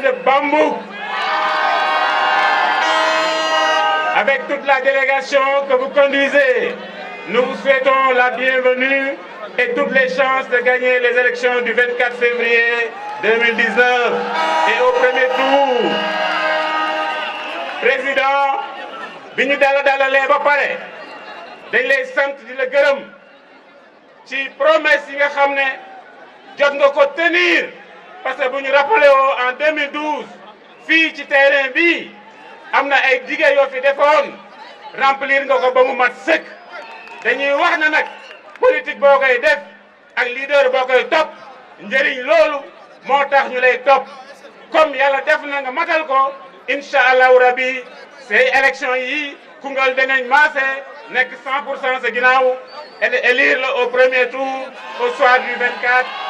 de Bambou. Avec toute la délégation que vous conduisez, nous vous souhaitons la bienvenue et toutes les chances de gagner les élections du 24 février 2019 et au premier tour. Président, bi ñu dala dalalee ba pare dañ lay promets de tenir parce que nous rappelons rappelé en 2012 fii ci terrain bi y a ay dige qui fi defoon remplir nos combats ba mu mat sëkk dañuy wax na nag politique est koy def ak leader que top. topp njëriñ dit moo tax ñu lay top. comme il def na nga matal ko incha allahu rabi c'est élection yi Koungheul danañ maase 100 pour cent sa ginnaaw élire au premier tour au soir du 24.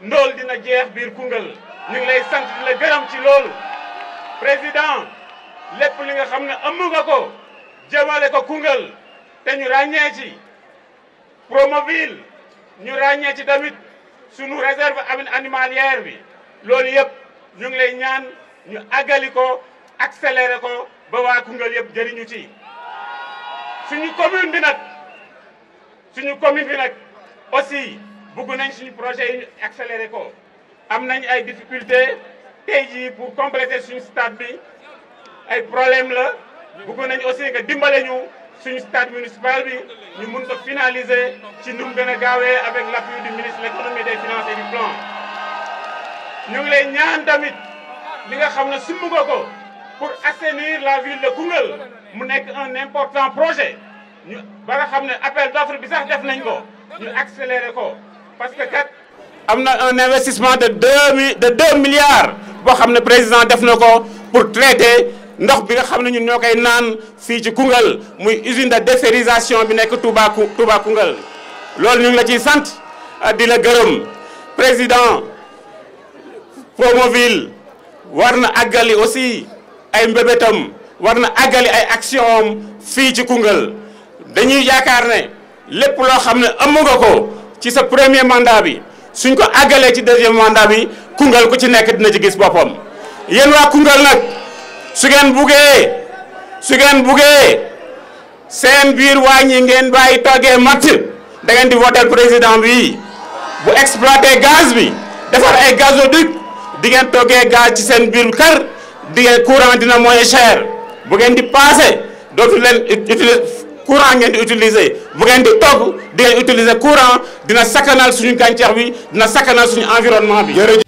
ndool dina jeex biir Koungheul ñu ngi lay sant di la gërëm ci loolu président lépp li nga xam ne ëmm nga ko jëmale ko Koungheul te ñu ràññee ci Promoville ñu ràññee ci tamit sunu réserve animalière bi loolu yëpp ñu ngi ñaan ñu àggali ko accéléré ko ba waa Koungheul yëpp jëriñu ci suñu commune bi nag suñu commune bi nag aussi Nous nañ suñu projet accéléré ko am nañ ay difficulté pour compléter ce stade bi ay problème la Nous nañ aussi que dimbale ñu suñu stade municipal Nous ñu finaliser ci nu mu avec l'appui du ministre de l'économie et des finances et du plan Nous ngi lay ñaan tamit li nga xam pour assainir la ville de Koumel. mu nekk un important projet Nous ba nga xam appel d'offres offre bi sax def nañ ko ñu parce que kat am na un investissement de 2, de 2 milliards boo xam président def na pour traiter ndox bi nga xam ñun ñokay koy naan fii ci kungal muy usine de déferrisation bi nek Touba Touba Kungal lool ñu ngi la ci sante ah, di la gërëm président Promoville war na àggali aussi ay mbébétam war na àggali ay action fi ci kungal dañuy yaakaar ne lépp loo xam ne ko ci sa premier mandat bi suñ ko àggalee ci deuxième mandat bi Koungheul ku ci nekk dina ci gis boppam yéen waa Koungheul nag su ngeen buggee su ngeen buggee seen biir wàññi ngeen bàyyi toggee matt da ngeen di voter président bi bu exploité gaz bi defar ay gazoduc di ngeen toggee gaz ci seen biir kër di ngeen courant dina moins cher bu ngeen di passé dootu leen utiliser courant ngeen di togg di utiliser courant dina une suñu gàncax bi dina la suñu environnement bi